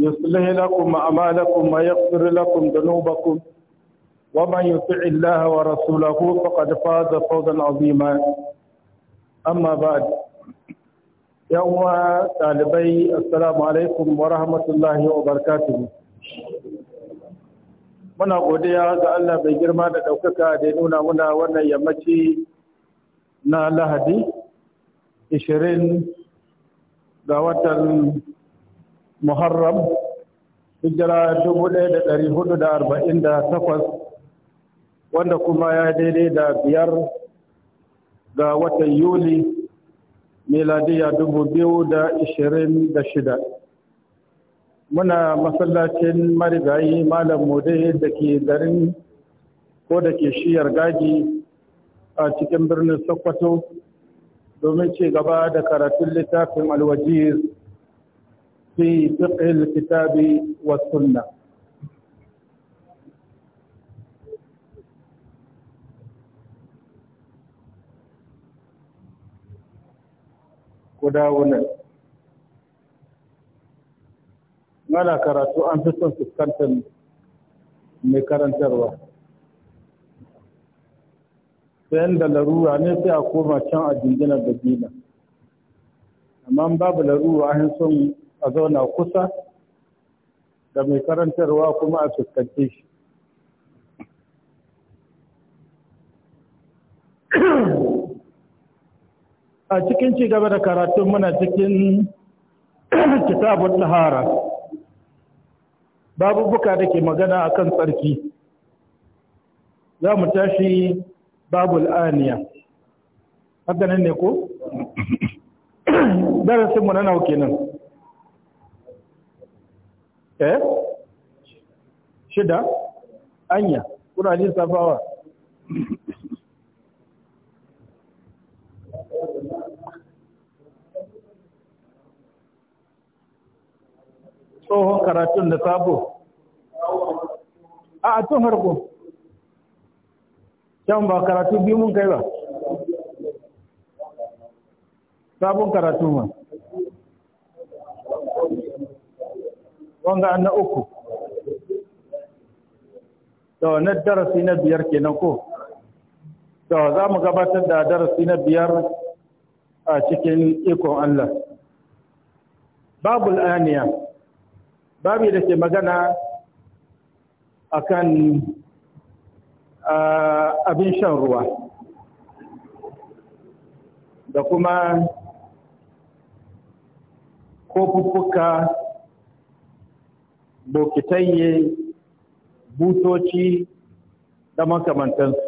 يصلح لكم أعمالكم ويغفر لكم ذنوبكم ومن يطع الله ورسوله فقد فاز فوزا عظيما أما بعد يوم طالبي السلام عليكم ورحمة الله وبركاته muna godiya ga Allah bai girma da ɗaukaka da ya nuna muna wannan yammaci na lahadi 20 ga watan muharram hijira takwas, wanda kuma ya daidai da biyar ga watan yuli miladiya shida. muna masallacin marigayi malam mude da ke garin ko da ke shiyar gaji a cikin birnin sokoto domin ci gaba da karatun littafin alwajiz في فقه الكتاب والسنة gudanar mana karatu an fi son fuskantar mai karantarwa sayan da larura ne sai a koma can a jinginar da gina amma babu larura an son a zauna kusa da mai karantarwa kuma a fuskanci shi a cikin ci gaba da karatun muna cikin kitabun tahara babubuka da ke magana a kan tsarki za mu tashi babul aniya haka nan ne ko darasinmu na nauke nan eh shida anya kuna jin safawa tsohon karatun da sabo a tun harko can ba karatu biyu mun kai ba sabon karatu ma Wọ́n ga na uku to na darasi na biyar kenan ko to za mu gabatar da darasi na biyar a cikin ikon Allah babul aniya babu da ke magana akan abin shan ruwa da kuma kofuffuka bokitanye butoci da makamantansu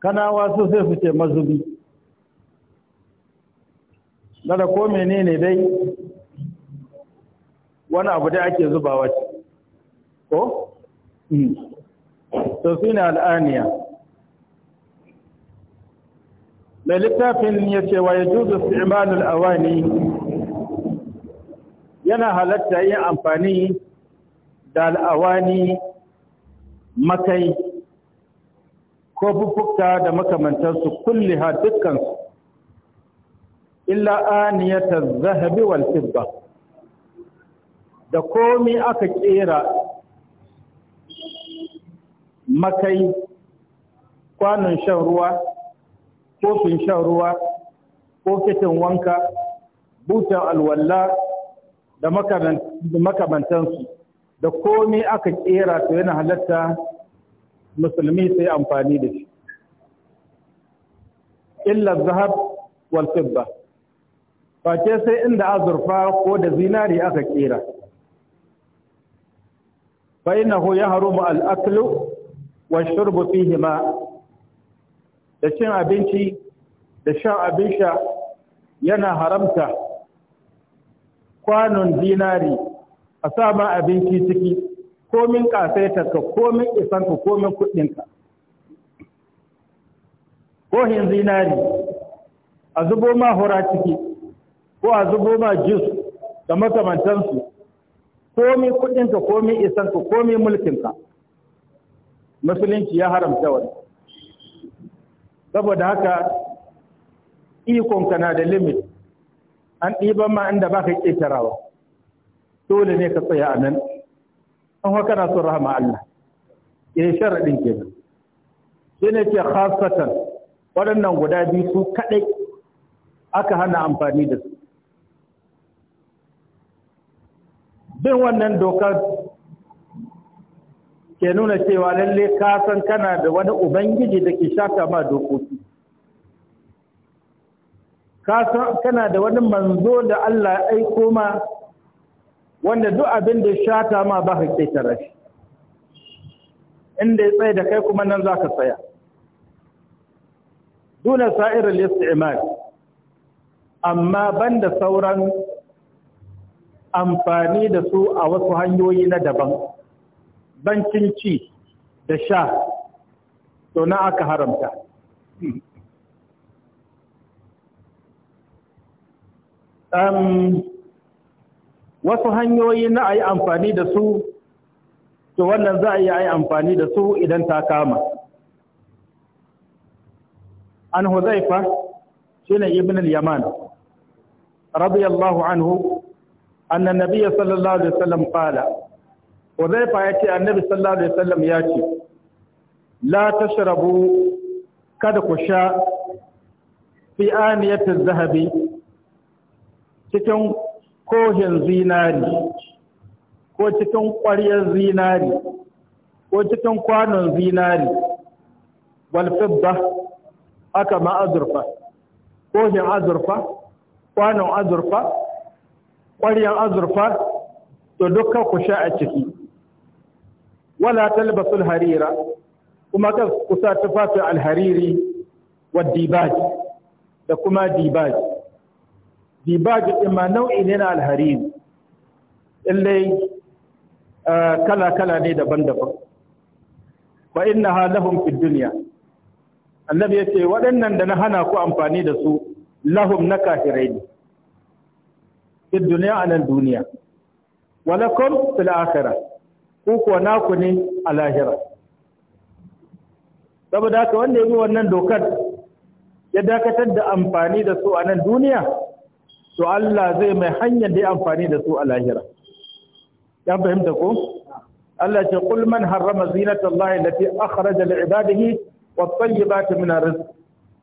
kanawa su sai su ce mazubi da ko menene dai wani abu da ake zubawa ko? Hmm. to su ne al'aniya mai littafin ya ce wa ya juzu istimalul awani yana halatta yin amfani da al'awani makai ko bukuka da makamantarsu kulle ha dukkansu illa aniyata zahabi wal fibba da komi aka kera makai kwanon shan ruwa kofin shan ruwa kofitin wanka butan alwalla da makamantansu da komai aka kera to yana halatta musulmi sai amfani da shi illa zahab wal fidda face sai inda azurfa ko da zinari aka kera fa innahu yahrumu al aklu wa shurbu fihi ma da cin abinci da shan abin sha yana haramta kwanon dinari a sa ma abinci ciki komin ko komin isanka komin kuɗinka kohin zinari a zubo ma hura ciki ko a zubo ma jus da makamantansu komi kuɗinka komi isanka komi ka, musulunci ya haramta wani saboda haka ikonka na da limit an ɗiban ma inda ba ka ƙetarawa dole ne ka tsaya a nan an haka na son rahama Allah ya eh, sharaɗin kenan shi ne ke khasatan waɗannan guda biyu su kaɗai aka hana amfani da su bin wannan dokar ke nuna cewa lalle ka san kana da wani ubangiji da ke shaka ma dokoki ka san kana da wani manzo da Allah ya aiko ma wanda duk abin da shata ma ba ka ke tare shi inda ya tsaye da kai kuma nan za ka tsaya duna al isti'mal amma banda sauran amfani da su a wasu hanyoyi na daban Bankin ci da sha to na aka haramta wasu hanyoyi na a yi amfani da su to wannan za a yi a yi amfani da su idan ta kama an huzaifa shi ne ibn al-yaman radiyallahu anhu annan nabiya sallallahu alaihi wasallam qala Uzaifa ya ce annabi sallallahu alaihi wasallam ya ce la tashrabu kada ku sha fi aniyatiz zahabi cikin kohin zinari ko cikin ƙwaryar zinari ko cikin kwanon zinari wal fidda aka ma azurfa kohin azurfa kwanon azurfa ƙwaryar azurfa to dukkan ku sha a ciki wala talbasul harira kuma ka kusa tufafi alhariri wa dibaj da kuma dibaj dibaj din nau'i ne na alhariri illai kala-kala ne daban-daban inna ha lahum fid dunya annabi yace waɗannan da na hana ku amfani da su lahum na kafirai ne fid dunya anan duniya lakum fil akhirah ku ko naku ne a lahira saboda haka wanda ya bi wannan dokar ya dakatar da amfani da su a nan duniya to Allah zai mai hanyar da ya amfani da su a lahira ya fahimta ko Allah ce kulman man harrama zinata Allah wa akhraja ba ibadihi wat tayyibati min arrizq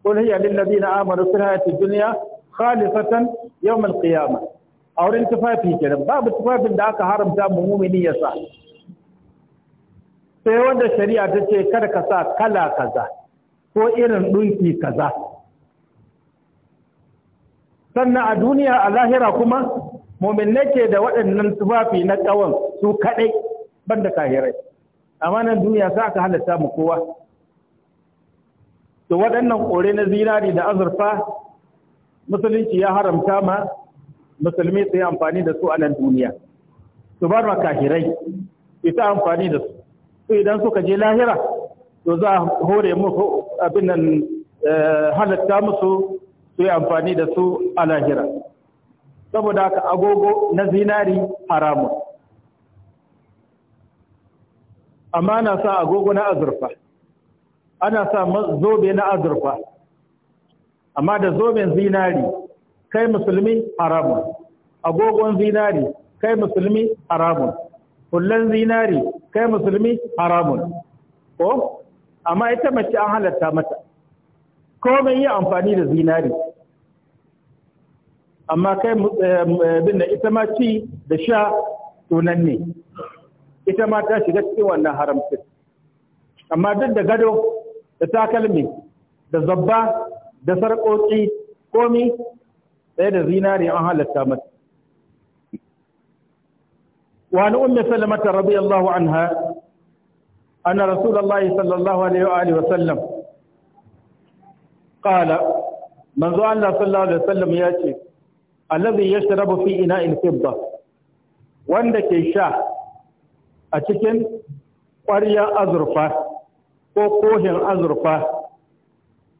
qul zina lil suna amanu fil hayati dunya khalisatan yawm al A wurin tufafi kenan babu tufafin da aka haramta mu mu'mini sa. sai wanda shari'a ta ce kada ka sa kala kaza ko irin ɗunki kaza sannan a duniya a lahira kuma mumin nake da waɗannan tufafi na ƙawon su kaɗai banda kahirai amma nan duniya sa aka halatta mu kowa to waɗannan ƙore na zinari da azurfa musulunci ya haramta ma musulmi su yi amfani da su a nan duniya su bar ma kahirai ita amfani da su idan suka je lahira to za a hore musu abin nan eh, halatta musu su yi amfani da su a lahira saboda haka agogo na zinari haramu amma ana sa agogo na azurfa ana sa zobe na azurfa amma da zoben zinari kai musulmi haramun agogon zinari kai musulmi haramun hullan zinari kai musulmi haramun ko amma ita mace an halatta mata ko mai yi amfani da zinari amma kai eh, eh, binne ita ma ci da sha tunan ne ita ma ta shiga cikin wannan haramcin amma duk da gado da takalmi da zabba da sarƙoƙi komi ɗaya da zinari an halatta mata وعن أم سلمة رضي الله عنها أن رسول الله صلى الله عليه وآله وسلم قال من ذو الله صلى الله عليه وسلم ياتي الذي يشرب في إناء الفضة وعندك شاه أتكن قرية أزرفة وقوه أزرفة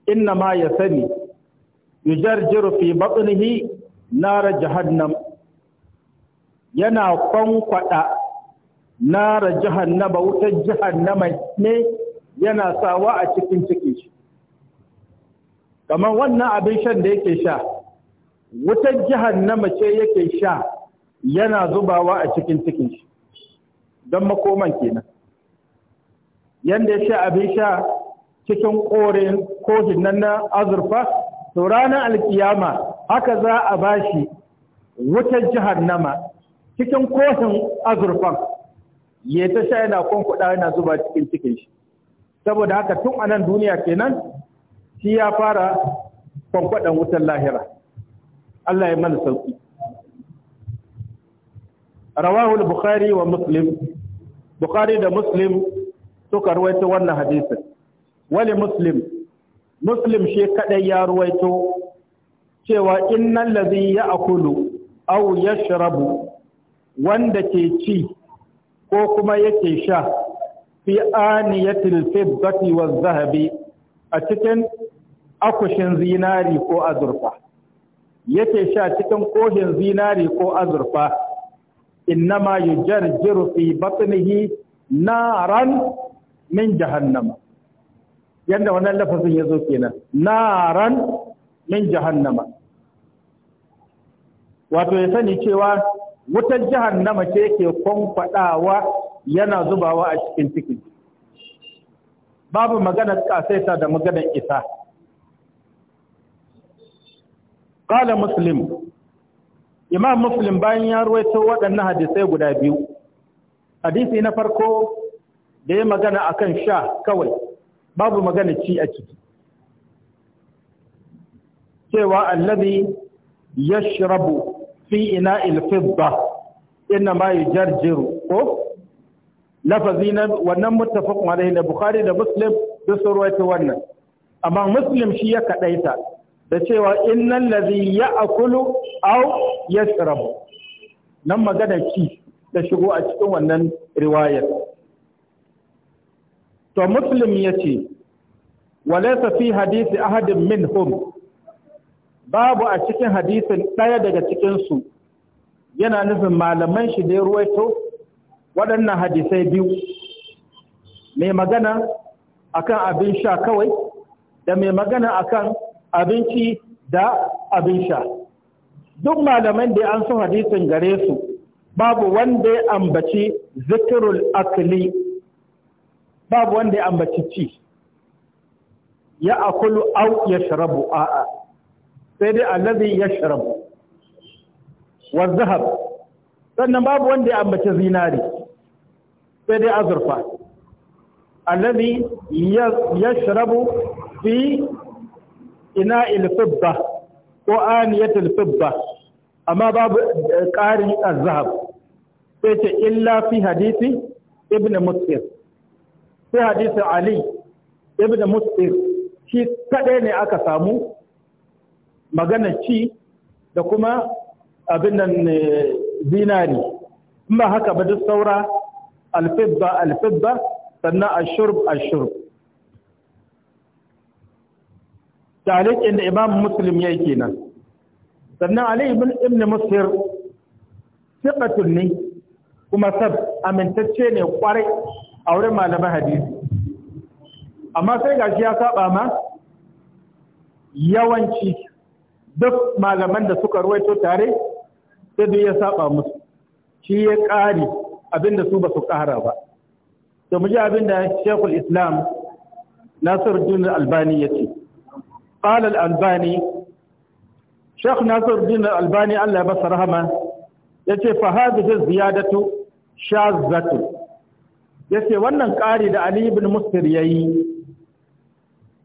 إنما يسني يجرجر في بطنه نار جهنم yana kwankwada nara jahannama wutar jahannama ne yana sawa a cikin cikin shi kamar wannan abin shan da yake sha wutar jahannama ce yake sha yana zubawa a cikin cikin shi don makoman kenan yanda ya sha abin sha cikin korin ko nan na azurfa to ranar alkiyama haka za a bashi wutar jahannama cikin kofin azurfan ya ta sha yana kwankwada yana zuba cikin cikin shi saboda haka tun a nan duniya kenan shi ya fara kwankwadan wutar lahira Allah ya mana sauki rawahu bukhari wa muslim bukhari da muslim suka ruwaito wannan hadisin wali muslim muslim shi kadai ya ruwaito cewa in nan innal ladhi ya'kulu aw yashrabu wanda ke ci ko kuma yake sha fi aniyatil fiddati waz zahabi a cikin akushin zinari ko azurfa yake sha cikin kohin zinari ko azurfa innama yujarjiru fi batnihi naran min jahannama yanda wannan lafazin ya zo kenan naran min jahannama wato ya sani cewa wutar jahannama ce yake kwankwaɗawa yana zubawa a cikin ciki babu magana kasaita da maganar isa qala muslim imam muslim bayan ya ruwaito waɗannan hadisai guda biyu hadisi na farko da ya magana a kan sha kawai babu magana ci a ciki cewa ya shirabu fi ina ilfidda inna ma yujarjiru ko lafazi na wannan muttafaqun alaihi da bukhari da muslim sun surwayta wannan amma muslim shi ya kadaita da cewa innal ladhi ya'kulu aw yashrabu nan magana ki da shigo a cikin wannan riwayar to muslim yace walaysa fi hadisi ahadin minhum babu a cikin hadisin ɗaya daga cikinsu yana nufin malaman shi da ya ruwaito waɗannan hadisai biyu mai magana akan abin sha kawai da mai magana akan abinci da abin sha duk malaman da an so hadisin gare su babu wanda ya ambaci zikirul akli babu wanda ya ambaci ci ya akulu au ya sharabu a'a sai dai alladhi yashrab wa zahab sannan babu wanda ya ambace zinari sai dai azurfa alladhi yashrabu fi ina'il fidda ko aniyatil fidda amma babu eh, ƙari azhab sai ce illa fi hadisi ibn muskir sai hadisi ali ibn muskir shi kadai ne aka samu magana ci da kuma abin nan eh, zinari in ba haka ba duk saura alfibba alfibba sannan ashurb ashurb talikin da imam muslim ya yi kenan sannan ali ibn ibn musir siqatun ne kuma sab amintacce ne kwarai a wurin malaman hadisi amma sai gashi ya saba ma yawanci duk malaman da suka ruwaito tare sai duk ya saba musu shi ya ƙari abinda su ba su ƙara ba da mu ji abinda shekul islam nasiruddin albani ya ce ƙalal albani shekul nasiruddin albani allah ya basa rahama ya ce fahadihin ziyadatu shazatu ya ce wannan ƙari da ali ibn mustir ya yi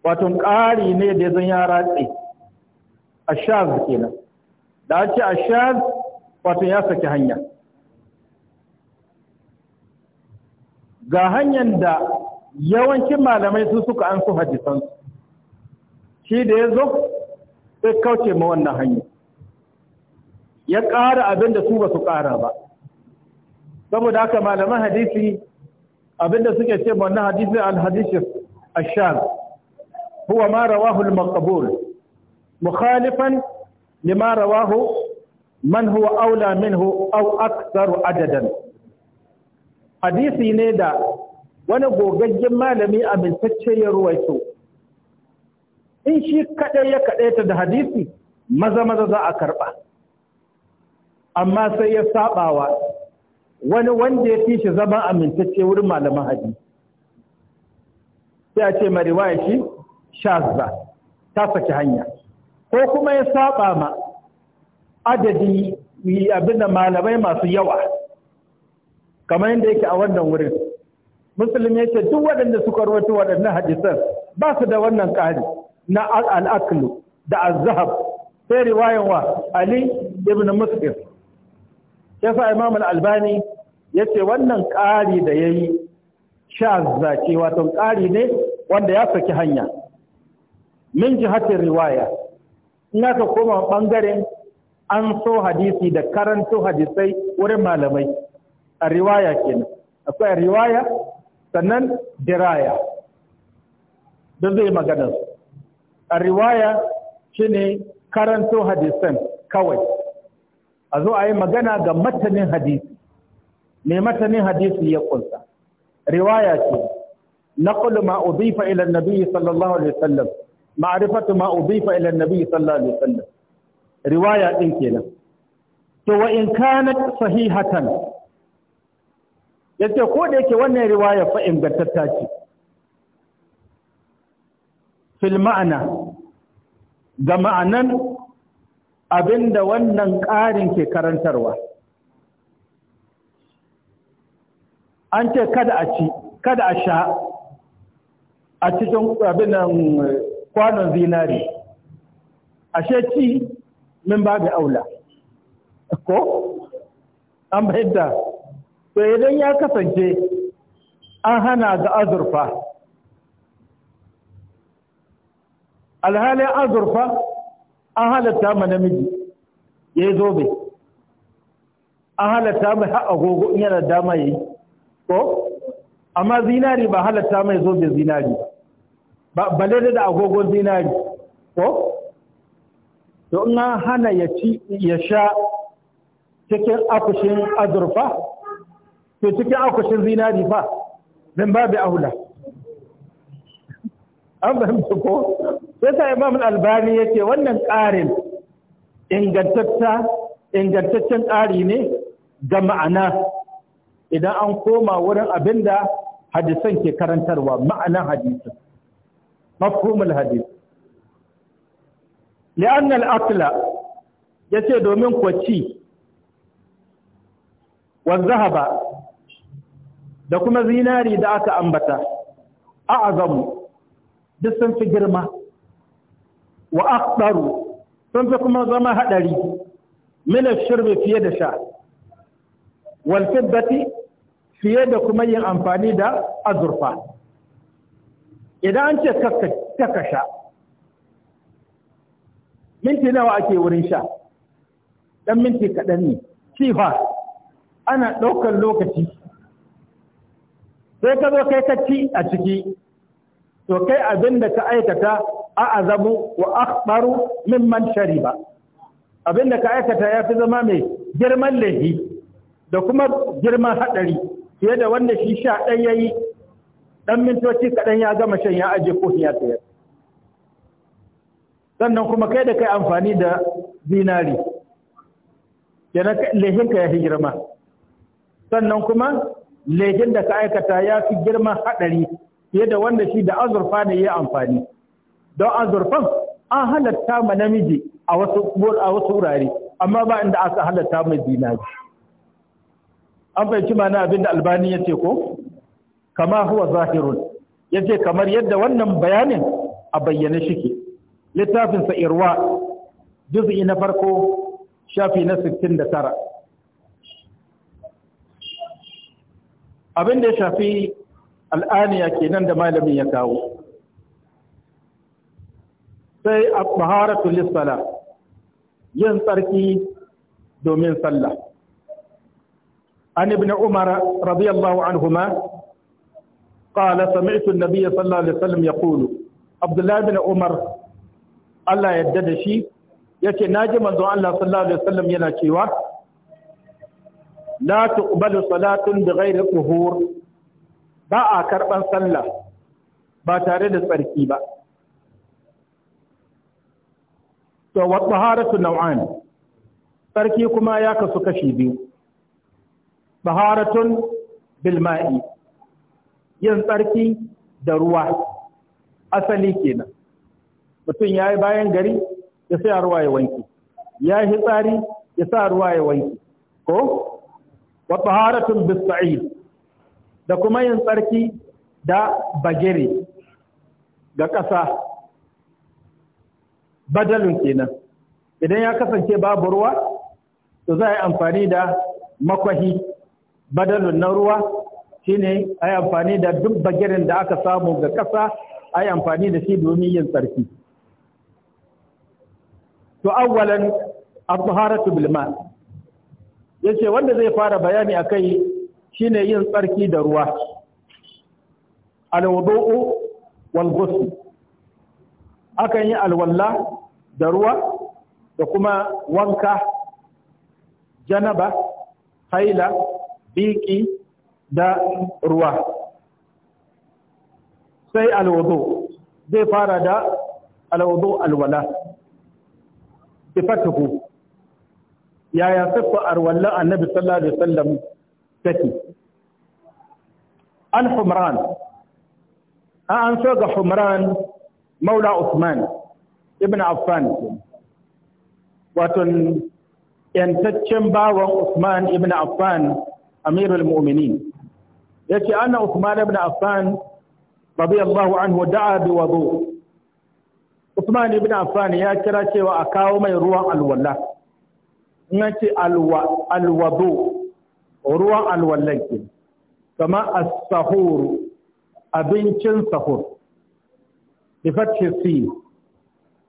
wato ƙari ne da zan ya ratse ashaz kenan da ake ashaz wato ya saki hanya ga hanyar da yawancin malamai su suka an su hadisan shi da ya zo sai kauce ma wannan hanya ya ƙara abin da su ba su ƙara ba saboda haka malaman hadisi abin da suke ce ma wannan hadisi al-hadisi ashaz huwa ma rawahu al-maqbul mukhalifan lima rawahu man huwa aula minhu aw aktsaru adadan hadisi ne da wani gogaggen malami amintacce ya ruwaito in shi kaɗai ya kaɗaita da hadisi maza maza za a karɓa, amma sai ya saɓawa wani wanda ya fi shi zama amintacce wurin malaman hadisi sai a ce mai shi shazza ta saki hanya ko kuma ya saba ma adadi abin da malamai masu yawa kamar yadda yake a wannan wurin musulmi ya ce duk waɗanda suka rawaito waɗannan hadisan ba su da wannan ƙari na al'aklu da azhab sai riwayan wa ali ibn muslim ya sa imam al-albani ya ce wannan ƙari da ya yi sha wato ƙari ne wanda ya saki hanya min jihatin riwaya in aka koma ɓangaren an so hadisi da karanto hadisai wurin malamai a riwaya kenan akwai a riwaya sannan diraya don zai magana su a riwaya shine karanto hadisan kawai a zo a yi magana ga matanin hadisi mai matanin hadisi ya kunsa riwaya ce na ما أضيف إلى nabi sallallahu alaihi wasallam ma'rifatu ma udifa ila annabi sallallahu alaihi wasallam riwaya din kenan to wa in kanat sahihatan yace ko da yake wannan riwaya fa ingantatta ce fil ma'ana ga ma'anan abinda wannan ƙarin ke karantarwa an ce kada a ci kada a sha a cikin abin nan kwanon zinari ashe ci min ba da aula ko an bayyana to idan ya kasance an hana ga azurfa alhalin azurfa an halatta ma namiji ya yi zobe an halatta mai agogo in yana dama yi ko amma zinari ba halatta mai zobe zinari ba balle da agogon zinari ko to in an hana ya ci ya sha cikin akushin azurfa to cikin akushin zinari fa min babu aula an fahimta ko sai sa imam albani yake wannan ƙarin ingantatta ingantaccen ƙari ne ga ma'ana idan an koma wurin abinda hadisan ke karantarwa ma'anan hadisan مفهوم الحديث لأن ya yace domin kwaci wa zahaba da kuma zinari da aka ambata a'azamu duk sun fi girma wa akhdaru sun fi kuma zama hadari min ash-shurbi fiye da sha wal fiddati fiye da kuma yin amfani da azurfa idan an ce kaka sha minti nawa ake wurin sha dan minti kaɗan ne Ci fa ana ɗaukar lokaci sai ka zo kai ka ci a ciki to kai abin da ka aikata a azabu wa akhbaru mimman shariba abin da ka aikata ya fi zama mai girman laifi da kuma girman haɗari fiye da wanda shi sha ɗaya yi. dan mintoci kaɗan ya gama shan ya aje kofin ya sayar sannan kuma kai da kai amfani da zinari lehinka ya fi girma sannan kuma lehin da ka aikata ya fi girma haɗari fiye da wanda shi da azurfa ne ya amfani don azurfan an halatta ma namiji a wasu wurare amma ba inda aka halatta mai zinari an fahimci mana abin da albani ya ce ko kama huwa zahirun yace kamar yadda wannan bayanin a bayyane shike littafin sa irwa juz'i na farko shafi na 69 abin da ya shafi al'aniya kenan da malamin ya kawo sai a baharatu lissala yin tsarki domin sallah an ibn umar radiyallahu anhuma قال سمعت النبي صلى الله عليه وسلم يقول عبد الله بن عمر الله يدد شي yace naji manzo Allah sallallahu alaihi wasallam yana cewa la tuqbalu salatun bighairi tuhur ba a karban sallah ba tare da tsarki ba to wa taharatu naw'an tsarki kuma ya kasu kashi biyu taharatun bil ma'i yin tsarki da ruwa asali kenan mutum ya yi bayan gari ya sa ruwa ya wanki ya yi tsari ya sa ruwa ya wanki ko wa taharatun bisa'id da kuma yin tsarki da bagere ga ƙasa badalun kenan idan ya kasance babu ruwa to za a yi amfani da makwahi badalun na ruwa shine ai amfani da duk bagirin da aka samu ga ƙasa ai amfani da shi domin yin tsarki to awwalan at-taharatu bil ma yace wanda zai fara bayani akai shine yin tsarki da ruwa al-wudu'u wal ghusl akan yi alwalla da ruwa da kuma wanka janaba haila biki da ruwa sai alwudu zai fara da alwudu alwala sifatuhu yaya sifa alwala annabi sallallahu alaihi wasallam take an humran an so ga humran maula usman ibn affan wato yantaccen bawan usman ibn affan amirul mu'minin yake anna Uthman ibn Affan radiyallahu anhu da'a bi wudu Uthman ibn Affan ya kira cewa a kawo mai ruwan alwala in yace alwa alwudu ruwan alwallan ke kama as-sahur abincin sahur bi si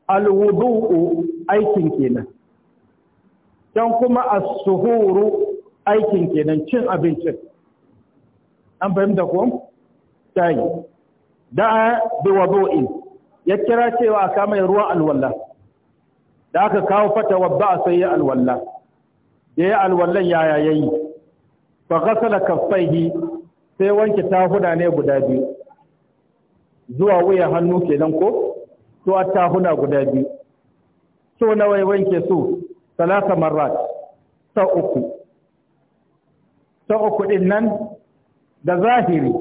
alwudu aikin kenan can kuma as-suhuru aikin kenan cin abincin an fahimta ko tayi da bi wudu'i ya kira cewa a kama ruwa alwalla da aka kawo fata ba sai ya alwalla da ya alwallan yaya yayi fa ghasala kaffaihi sai wanke tahuna ne guda biyu zuwa wuya hannu kenan ko to a tahuna guda biyu so nawa ya wanke su salasa marrat sa uku sa uku din nan da zahiri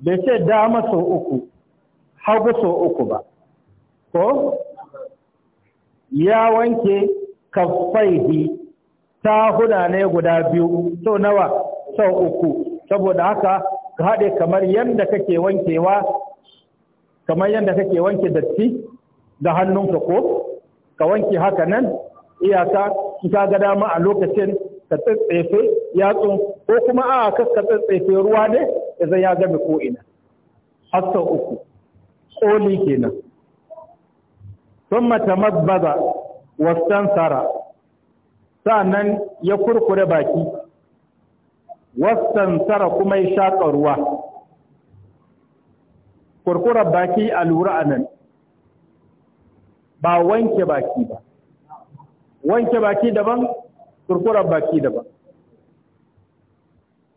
bai ce dama sau uku hagu sau uku ba ko ya wanke kaffaihi ta huda ne guda biyu sau nawa sau uku saboda haka ka haɗe kamar yadda kake wankewa kamar yadda kake wanke datti da hannunka ko ka wanke haka nan iyaka ka ga dama a lokacin ka tsatsefe yatsun ko kuma a ka tsatsefe ruwa ne zai ya game ko ina hasa uku koli kenan thumma tamabbaza sara sa'annan ya kurkure baki sara kuma ya shaƙa ruwa kurkura baki a lura a nan ba wanke baki ba wanke baki daban Kurkura baki daban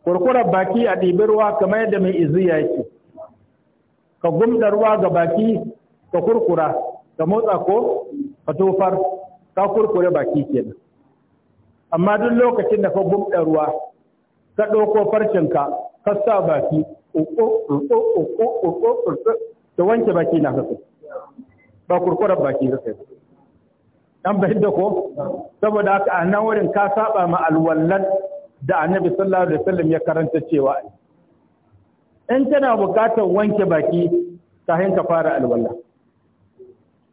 kurkura baki a ɗibi ruwa kamar yadda mai ya yake ka gumda ruwa ga baki ka kurkura ka motsa ko ka tofar ka kurkure baki kenan amma duk lokacin da ka gumda ruwa ka ɗauko farcinka ka sa baki ta wanke baki na haka ba kurkurar baki haka an fahimta ko saboda haka a nan wurin ka saba ma alwallan da annabi sallallahu alaihi wasallam ya karanta cewa in kana bukatar wanke baki kayan ka fara alwalla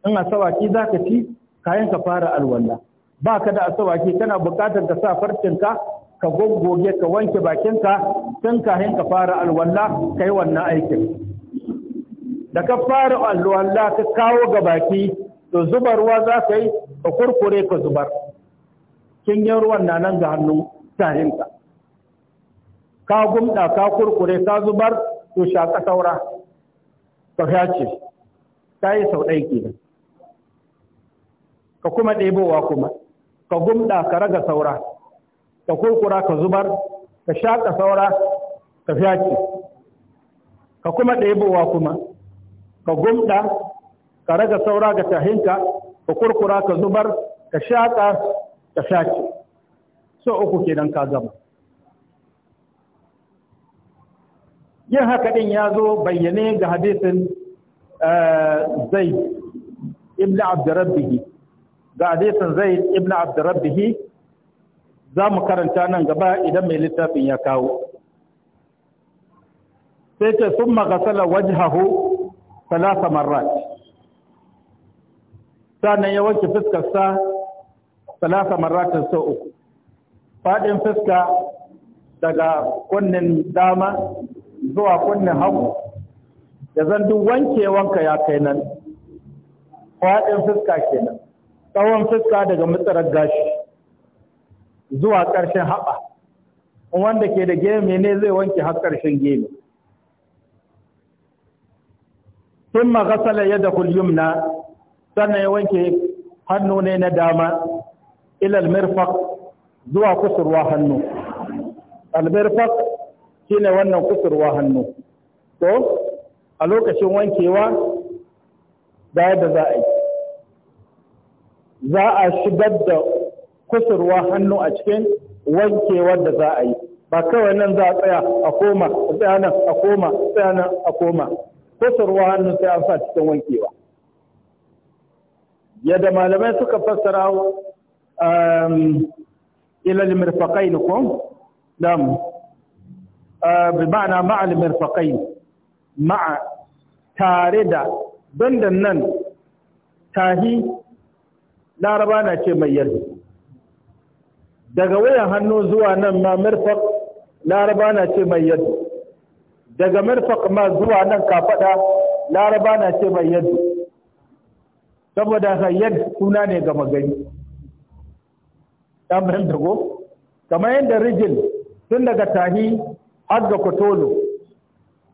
in asawaki zaka ci kayan ka fara alwalla ka da asawaki kana bukatar ka sa farcinka ka goggoge ka wanke bakinka tun kayan ka fara alwalla kai wannan aikin da ka fara alwalla ka kawo ga baki to zuba ruwa za ka yi ka kurkure ka zubar yi ruwan na nan ga hannun tahinka ka gumda ka kurkure ka zubar to shaka saura ka fyace ta yi sau ɗai kenan ka kuma ɗebowa kuma ka gumda ka raga saura ka kurkura ka zubar ka shaka saura ka fyace ka kuma ɗebowa kuma ka gumda ka raga saura ga tahinka ka kurkura ka zubar ka shaƙa ka shaƙi, so uku kenan ka gama yin haka ɗin ya zo bayyane ga hadisin eh, zai ibn abdurrabbihi ga hadisin zai ibn abdurrabbihi za mu karanta nan gaba idan mai littafin ya kawo sai ce sun magasala wajhahu salasa marrat sannan ya wanke fuskarsa salasa marratin sau uku faɗin fuska daga kunnen dama zuwa kunnen hagu ya zan duk wanka ya kai nan faɗin fuska kenan tsawon fuska daga mutsarar gashi zuwa ƙarshen haɓa wanda ke da gemi ne zai wanke har ƙarshen gemi sun magasala yadda kulyumna sannan ya wanke hannu ne na dama ilal mirfaq zuwa kusurwa hannu al mirfaq shine wannan kusurwa hannu to a lokacin wankewa da yadda za a yi za a shigar da kusurwa hannu a cikin wankewar da za a yi ba kawai nan za a tsaya a koma a tsaya nan a koma a tsaya nan a koma kusurwa hannu sai an sa cikin wankewa yadda malamai suka fassara um, ilal mirfaqain ko dam uh, bi ma'ana ma'al mirfaqain ma'a tare da dandan nan tahi laraba na ce mai yarda daga wayan hannu zuwa nan ma mirfaq laraba na ce mai yarda daga mirfaq ma zuwa nan kafaɗa laraba na ce mai yarda saboda sayyad suna ne ga magani. ɗan da ko. kamar yadda rijil tun daga tahi har ga kotolo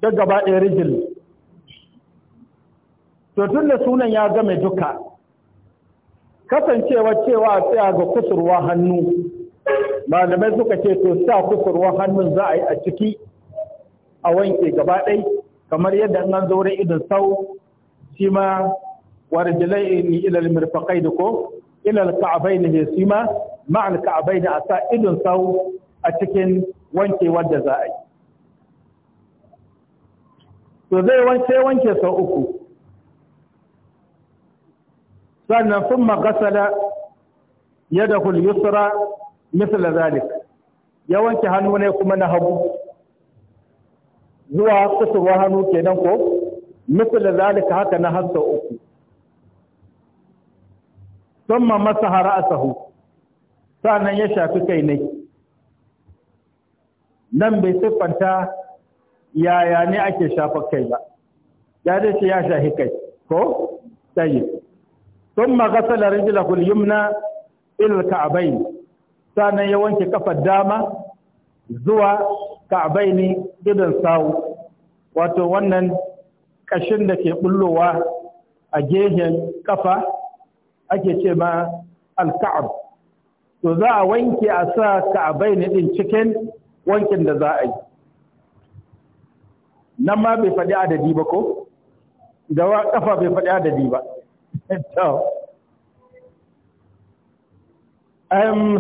da gaba ɗaya rijil to tun da sunan ya game duka kasancewa cewa a tsaya ga kusurwa hannu malamai suka ce to sa kusurwa hannun za a yi a ciki a wanke gaba ɗai kamar yadda an zo wurin idon sau shi ma warjilai ila almirfaqai da ko ila alka'abai da hesima ma alka'abai da a idon sau a cikin wankewar yi to zai wanke wanke sau uku sannan sun magasala yadda hulyusra misal zalik ya wanke hannu ne kuma na hagu zuwa kusurwa hannu kenan ko misal zalika haka na har sau uku sun masa ra'asahu sa'annan ya shafi kai ne nan bai siffanta yaya ne ake shafa kai ba ya dai ce ya shafi kai ko tayi sun magasala rijilahul yumna ilal ka'abain sa'annan ya wanke kafar dama zuwa ka'abaini idan sawu wato wannan kashin da ke bullowa a gehen kafa ake ce ma alka'ab to za a wanke a sa ka'abai ne din cikin wankin da za a yi nan ma bai faɗi adadi ba ko da wa kafa bai faɗi adadi ba to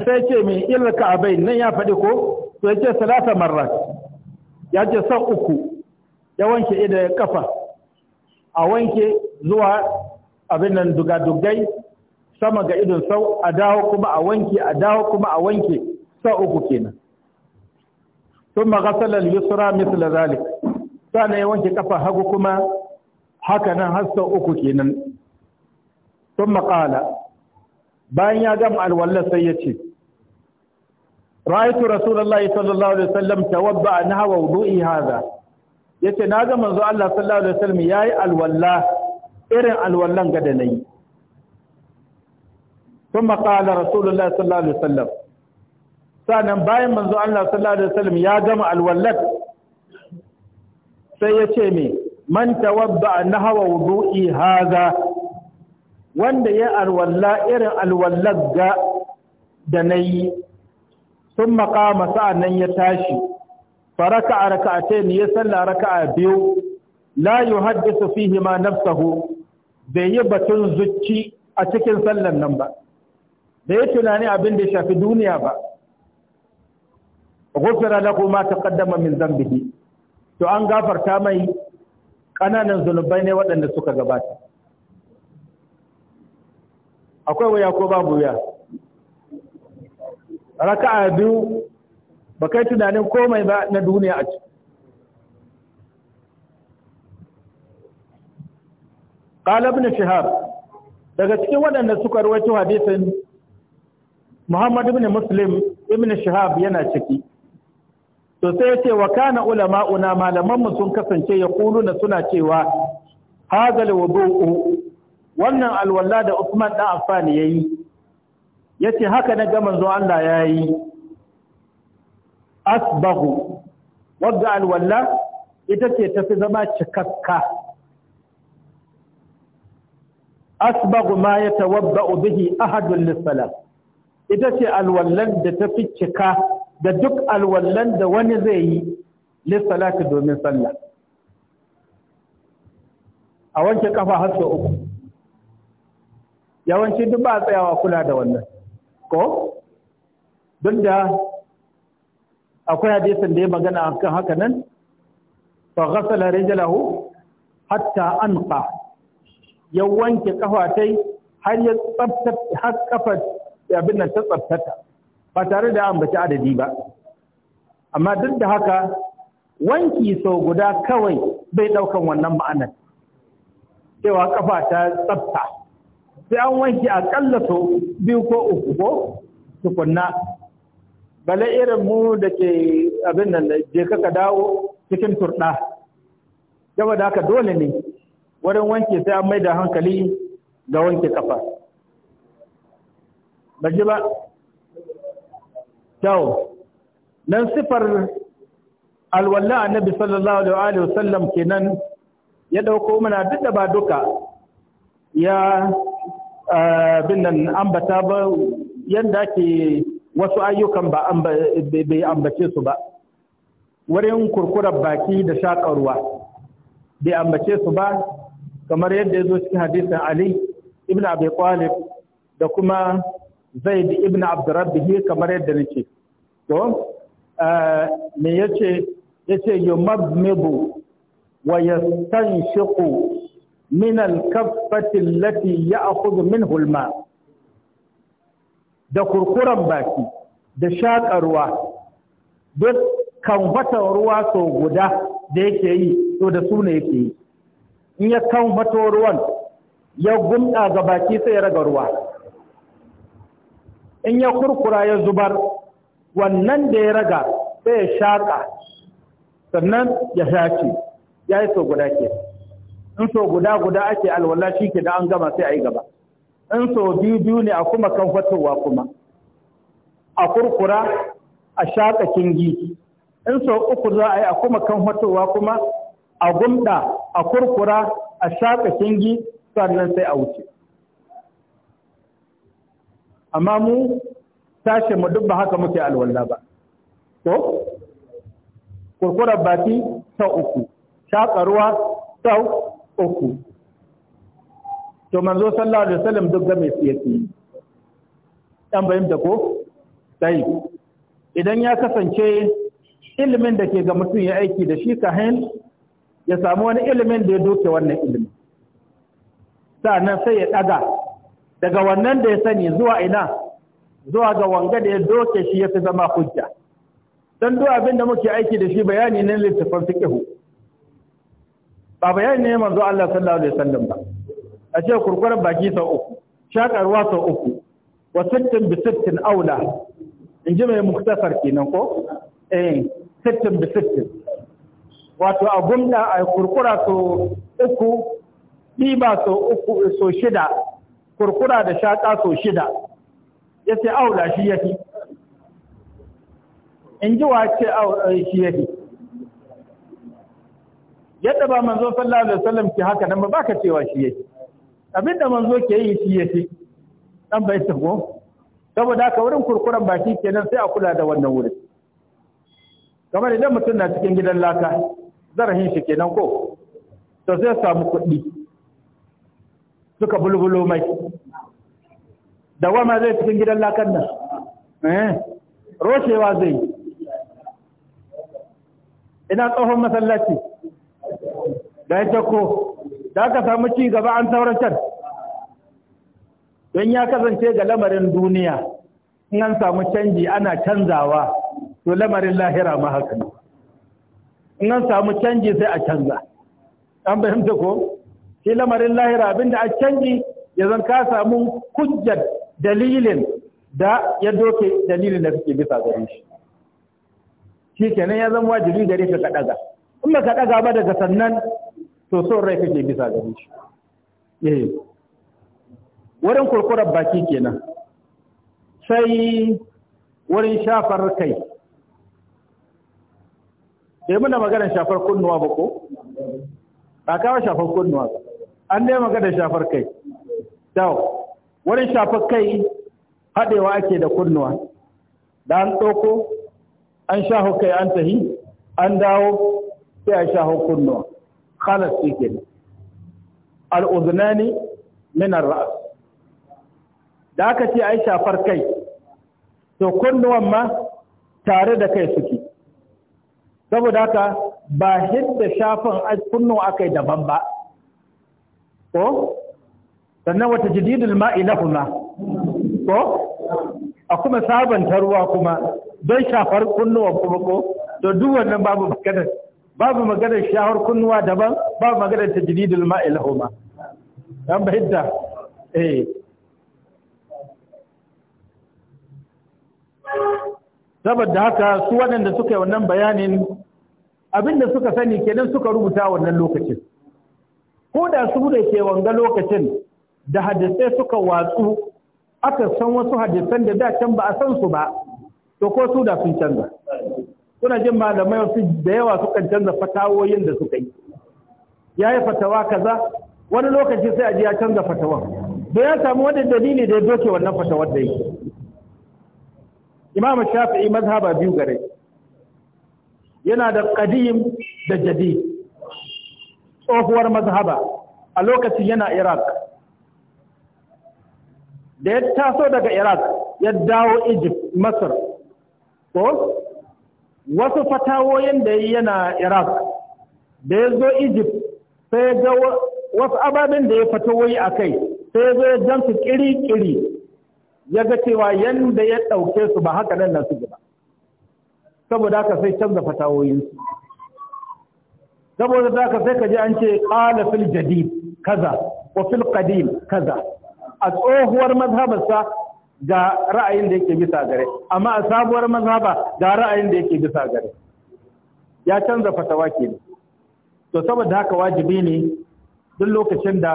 sai ce mai illa ka'abai nan ya faɗi ko to ya ce salasa marrat ya ce sau uku ya wanke ida kafa a wanke zuwa abin nan dugadugai sama ga idon sau a dawo kuma a wanke a dawo kuma a wanke sau uku kenan sun magasar yusra misla zalik sana ya wanke kafa hagu kuma haka nan har sau uku kenan sun maƙala bayan ya gama alwallar sai ya ce ra'aitu rasulullahi sallallahu alaihi wasallam tawabba nahwa wudu'i hadha yace na ga manzo Allah sallallahu alaihi wasallam yayi alwalla irin alwallan ga da nayi ثم قال رسول الله صلى الله عليه وسلم sanan bayan manzo Allah sallallahu alaihi wasallam ya gama alwallad. sai ya ce me man tawadda nahwa wudu'i hadha wanda ya alwalla irin alwallat ga da nayi thumma qama sa'annan ya tashi faraka raka'atayn ya salla raka'a biyu la yuhaddisu fihi ma nafsuhu bai yi batun zucci a cikin sallan nan ba bai tunani abin da ya shafi duniya ba ghufira lahu ma taqaddama min dhanbihi to an gafarta mai kananan zunubai ne waɗanda suka gabata akwai waya ko babu Raka raka'a biyu ba kai tunanin komai ba na duniya a ciki qala ibn shahar daga cikin waɗanda suka rawaito hadisin Muhammad ibn Muslim ibn Shihab yana ciki to sai yace wa kana ulama'una malaman mu sun kasance ya kuluna suna cewa hadal wudu'u wannan alwala da Usman dan Affan yayi yace haka na ga manzo Allah yayi asbahu wadda alwala ita ce tafi zama cikakka asbahu ma yatawabba bihi ahadun lis-salat ita ce alwallan da ta fi cika da duk alwallan da wani zai yi lissalati domin sallah a wanke kafa har sau uku yawanci duk ba a tsayawa kula da wannan ko duk da akwai hadisin da ya magana a kan haka nan fa ghasala rijlahu hatta anqa ya wanke tai har ya tsaftace har kafa abin nan ta tsabtata ba tare da ambaci adadi ba amma duk da haka wanki sau guda kawai bai ɗaukan wannan ma'anar cewa kafa ta tsafta sai an wanki akalla to biyu ko uku ko tukunna bala irin mu da ke abin nan je ka dawo cikin turɗa da haka dole ne wurin wanke sai an mai da hankali ga wanke kafa ba ji ba Tau. nan sifar alwallah annabi sallallahu alaihi wasallam kenan ya dauko mana duk da ba duka ya eh, bin nan ambata ba yanda ake wasu ayyukan ba bai ambace su ba wurin kurkurar baki da shakarwa bai ambace su ba kamar yadda ya zo cikin hadisin ali ibn abi talib da kuma zaid ibn abdurrabbihi kamar yadda nake to eh, me yace yace yumabmibu wa yastanshiqu min al-kaffati allati ya'khudhu minhu al-ma da kurkuran baki da shaƙa ruwa duk kan kanfata ruwa sau guda da yake yi to da su ne yake yi in ya kan kanfato ruwan ya gumɗa ga baki sai ya raga ruwa in ya kurkura ya zubar wannan da ya raga sai ya shaƙa sannan ya shaƙi ya yi so guda ke in so guda guda ake alwala shi ke da an gama sai a yi gaba in so biyu biyu ne a kuma kan fatowa kuma a kurkura a shaƙa kingi in so uku za a yi a kuma kan fatowa kuma a gumda a kurkura a shaƙa kingi sannan sai a wuce amma mu sashen mu duk haka muke alwala ba to kurkurar baki ta uku shaƙa ruwa ta uku to manzo sallallahu alaihi wasallam duk game siyasi dan bayin da ko sai idan ya kasance ilimin da ke ga mutum ya aiki da shi kahin ya samu wani ilimin da ya doke wannan ilimin sa'annan sai ya daga daga wannan da ya sani zuwa ina zuwa ga wanga da ya doke shi ya fi zama hujja don duk abin da muke aiki da shi bayani ne littafin fiqhu ba bayani ne manzo Allah sallallahu alaihi wasallam ba a ce kurkurar baki sau uku shakarwa sau uku wa sittin bi sittin aula in ji mai muktasar kenan ko eh sittin bi sittin wato a gumda a kurkura sau uku ɗiba sau uku sau shida kurkura da shaƙa so shida ya ce au da shi ya fi in ji wa ce au shi ya fi yadda ba manzo sallallahu alaihi wasallam ke haka nan ba baka cewa shi yake abinda manzo ke yi shi yake dan bai tago saboda haka wurin kurkuran baki kenan sai a kula da wannan wurin kamar idan mutum na cikin gidan laka zarahin shi kenan ko to sai samu kuɗi suka bulbulo mai dawama zai cikin gidan lakan nan eh roshewa zai ina tsohon masallaci da ya ko da aka samu ci gaba an sauratar don ya kasance ga lamarin duniya in an samu canji ana canzawa to lamarin lahira ma haka ne in an samu canji sai a canza an fahimta ko shi lamarin lahira abinda a canji ya zan ka samu kujjar. dalilin da ya doke dalilin da suke bisa gare shi shi kenan ya zama wajibi gare ka ka ɗaga, in ba ka daga ba daga sannan to son rai kake bisa gare shi eh wurin kurkurar baki kenan sai wurin shafar kai sai muna maganar shafar kunnuwa ba ko ba kawo shafar kunnuwa an dai maganar shafar kai dawo wurin shafar kai haɗewa ake da kunnuwa da an ɗauko an shaho kai an tahi an dawo sai a shaho kunnuwa khalas shi ne al'udunani minar ra'as da aka ce ai shafar kai to kunnuwan ma tare da kai suke saboda haka ba hidda shafin kunnuwa aka yi daban ba ko sannan wata jididul ma'i lahuma ko a kuma sabanta ruwa kuma don shafar kunnuwa kuma ko to duk wannan babu magana babu magana shahar kunnuwa daban babu magana ta jididul ma'i lahuma dan bahidda eh saboda haka su waɗanda suka yi wannan bayanin abinda suka sani kenan suka rubuta wannan lokacin ko da su da ke wanga lokacin da hadisai suka watsu aka san wasu hadisan da da can ba a san su ba to ko su da sun canza suna jin malamai wasu da yawa sukan canza fatawoyin da suka yi ya yi fatawa kaza wani lokaci sai a ji ya canza fatawa da ya samu wani dalili da ya doke wannan fatawar da yi imam shafi'i mazhaba biyu gare yana da qadim da jadi tsohuwar mazhaba a lokacin yana iraq da ya taso daga iraq ya dawo egypt masar ko wasu fatawoyin da yana iraq da ya zo egypt sai ga wasu ababen da ya fatawoyi a kai sai zo ya jansu kiri-kiri ya ga cewa yadda ya ɗauke su ba haka nan na su ba saboda haka sai canza fatawoyinsu saboda haka sai ka ji an ce ƙala fil jadid kaza wa fil qadim kaza a tsohuwar mazhabarsa ga ra'ayin da yake bisa gare amma a sabuwar mazhaba ga ra'ayin da yake bisa gare ya canza fatawa ke ne. to saboda haka wajibi ne duk lokacin da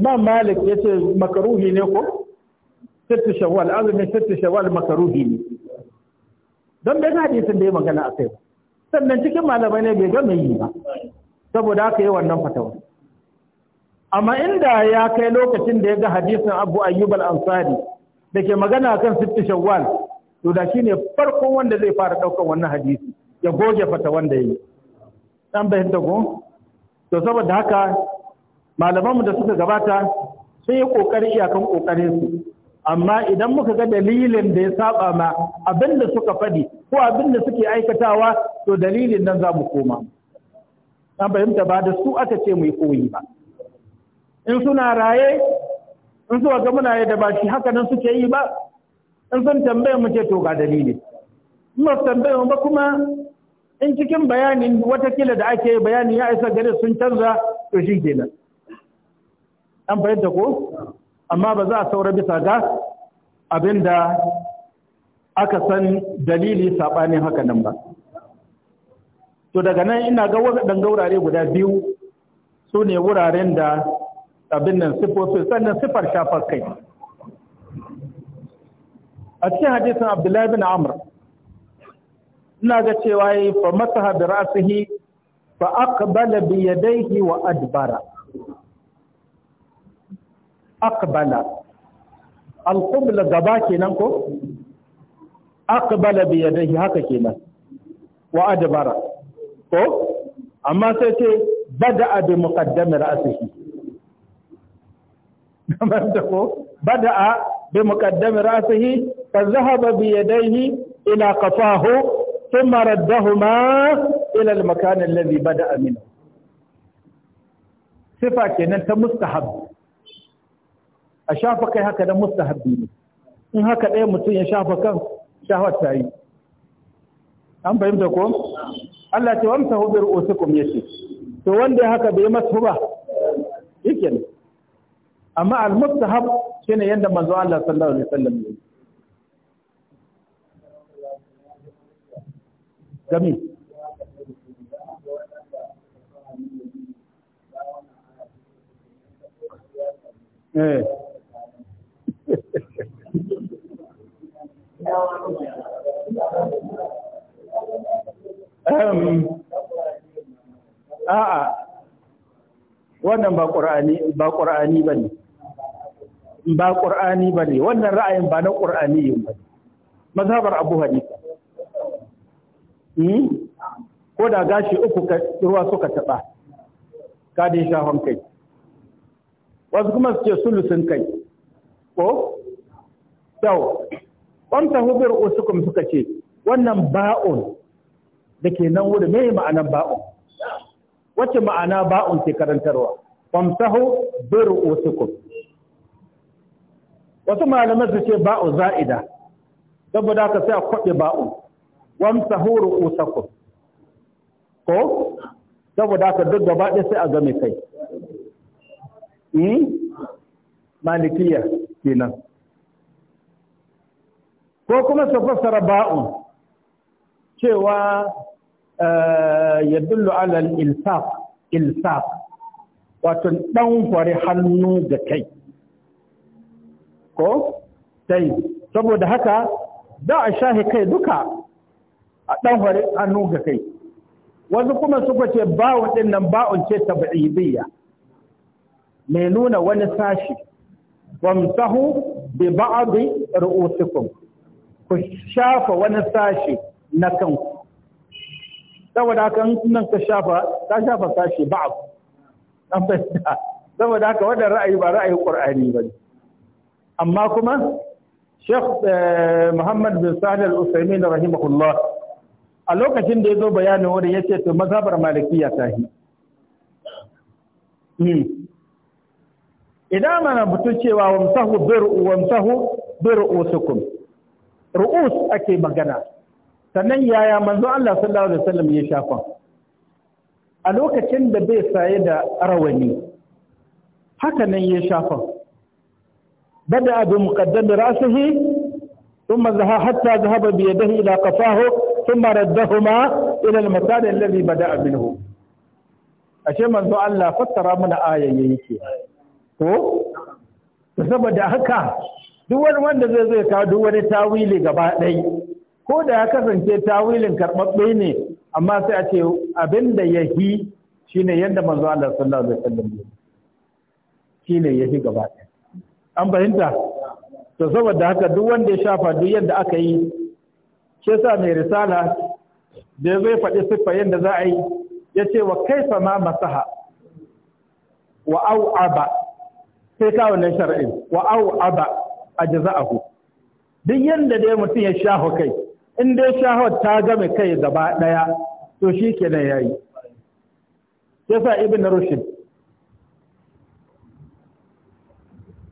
imam malik ya ce makaruhi ne ko sittu shawwal azumin sittu shawwal makaruhi ne don bai sun da yi magana a kai sannan cikin malamai ne bai gama yi ba saboda haka yi wannan fatawa amma inda ya kai lokacin da ya ga hadisin abu ayyub al-ansari da ke magana kan sitti shawwal to da shine farkon wanda zai fara ɗaukar wannan hadisi ya goge fata wanda yi dan bayan dago to saboda haka malamanmu da suka gabata sun yi kokari iyakan su, amma idan muka ga dalilin da ya saba ma abin suka faɗi ko abinda suke aikatawa to dalilin nan za mu koma. An fahimta ba da su aka ce mu yi koyi ba. in suna raye in suka ga muna yadda ba shi haka nan suke yi ba in sun tambaye mu ce to ga dalili in tambaye mu ba kuma in cikin bayanin watakila da ake bayani ya isa gare sun canza to shi kenan an fahimta ko amma ba za a saura bisa ga abin da aka san dalili saɓanin haka nan ba to daga nan ina ga waɗannan gaurare guda biyu su ne wuraren da abin nan sifofin sannan sifar shafar kai a cikin hadisin abdullahi bin amr ina ga cewa yi fa masaha bi ra'sihi fa aqbala bi yadayhi wa adbara aqbala al-qibla gaba kenan ko aqbala bi yadayhi haka kenan wa adbara ko amma sai ce bada bi muqaddami ra'sihi kamar da ko bada'a bi muqaddami ra'sihi fa zahaba bi yadayhi ila qafahu thumma raddahuma ila al-makan alladhi bada'a minhu sifa kenan ta mustahab a shafa kai haka da mustahabbi ne in haka ɗaya mutum ya shafa kan shahwar ta yi an fahimta ko Allah ce wamsa hubir usukum yace to wanda haka bai masu ba yake ne amma al-mustahab shine yanda manzo Allah sallallahu alaihi wasallam ya yi gami eh a'a wannan ba ƙura'ani ba ne ba ƙur'ani ba ne wannan ra'ayin ba na ƙur'ani yin ba mazhabar abu hanifa hmm? ko da gashi uku ruwa suka taɓa ka shahon kai wasu kuma su ce sulusun kai ko yau ƙwamta hubir usukum suka ce wannan ba'un da ke nan wuri mai ma'anar ba'un wacce ma'ana ba'un ke karantarwa ƙwamta hubir usukum wasu malamai su ce ba'u za'ida saboda haka sai a kwaɗe ba'u wamsa huru usaku ko saboda haka duk gaba ɗaya sai a game kai hmm? malikiya kenan ko kuma su fassara ba'u cewa eh, ya dullu alal ilsaf ilsaf wato ɗan kware hannu da kai ko tai saboda haka da a shahi kai duka a dan hore hannu ga kai wasu kuma suka ce bawun din nan ba'un ce baibiyya mai nuna wani sashi wamsahu bi ba'di ru'usikum ku shafa wani sashi na kanku saboda haka nan ka shafa ka shafa sashi ba'd an saboda haka wannan ra'ayi ba ra'ayin qur'ani bane amma kuma Sheikh eh, Muhammad bin Salih Al-Utsaimin rahimahullah a lokacin da ya zo bayanin wurin ya ce to mazhabar malikiya ta yi hmm. idan mana mutum cewa msahu bir'u msahu bir'u usukum ru'us ake magana sannan yaya manzo Allah sallallahu alaihi wasallam ya shafa a lokacin da bai saye da arawani haka nan ya shafa بدأ بمقدم رأسه ثم ذهب حتى ذهب بيده إلى قفاه ثم ردهما إلى المكان الذي بدأ منه ashe manzo Allah fassara mana ayaye yake ko saboda haka duk wani wanda zai zai kawo duk wani tawili gaba ɗai ko da ya kasance tawilin karɓaɓɓe ne amma sai a ce abin da ya hi shi yadda manzo Allah sallallahu alaihi wasallam ya shine ya gaba ɗaya an fahimta to saboda haka duk wanda ya shafa duk yadda aka yi shi yasa mai risala da zai faɗi siffa yadda za a yi ya ce wa kaifa ma masaha wa au Aba sai ka wannan shar'in wa au'aba a ku. duk yadda dai mutum ya shaho kai in dai shaho ta game kai gaba ɗaya to shi kenan yayi sa ibn rushd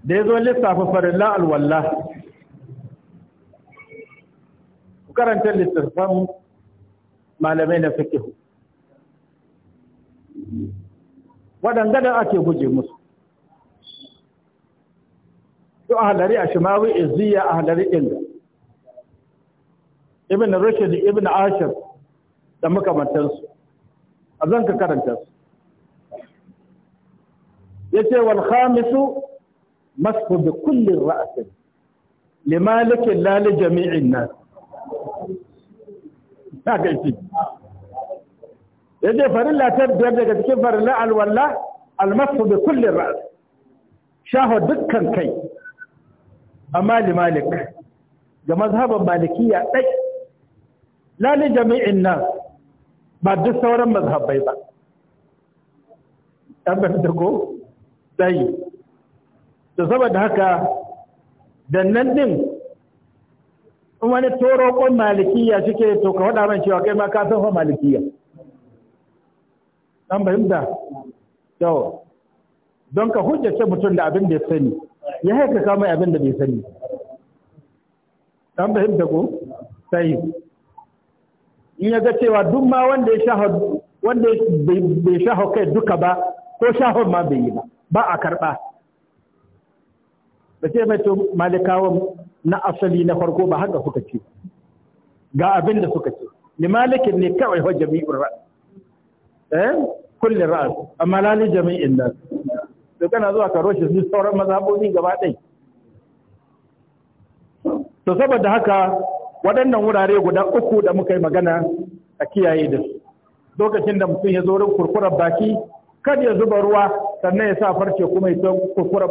da ya zo lissafa farilla alwalla ku karanta littattafan malamai na fikihu waɗanda da ake guje musu su a halari a shimawi iziya a halari inda ibn rashid ibn ashir da makamantansu a zan ka karanta su ya ce wal khamisu masfu bi kulli ra'sin limalikin la li jami'in nas ta ga shi yaje farilla ta biyar daga cikin farin farilla alwalla almasfu bi kulli ra's shaho dukkan kai amma limalik ga mazhaban maliki ya ɗai. li jami'in nas ba duk sauran mazhabai ba tabbata ko dai da saboda haka dannan din in wani toro kon malikiya suke to ka faɗa man cewa kai ma ka san fa malikiya an fahimta to don ka hujjace mutum da abin da ya sani ya ka kama abin da bai sani an fahimta ko sai in ya ga cewa duk ma wanda ya shaha wanda bai sha kai duka ba ko shahon ma bai yi ba ba a karɓa ba sai mai to malikawan na asali na farko ba haka suka ce ga abin da suka ce ni malikin ne kawai wa jami'ur ra's eh kullu ra'as amma la li jami'in nas to kana zuwa ka roshe su sauran mazhabobi gaba dai to saboda haka waɗannan wurare guda uku da muka yi magana a kiyaye da su lokacin da mutum ya zo wurin kurkurar baki kada ya zuba ruwa sannan ya sa farce kuma ya san kurkurar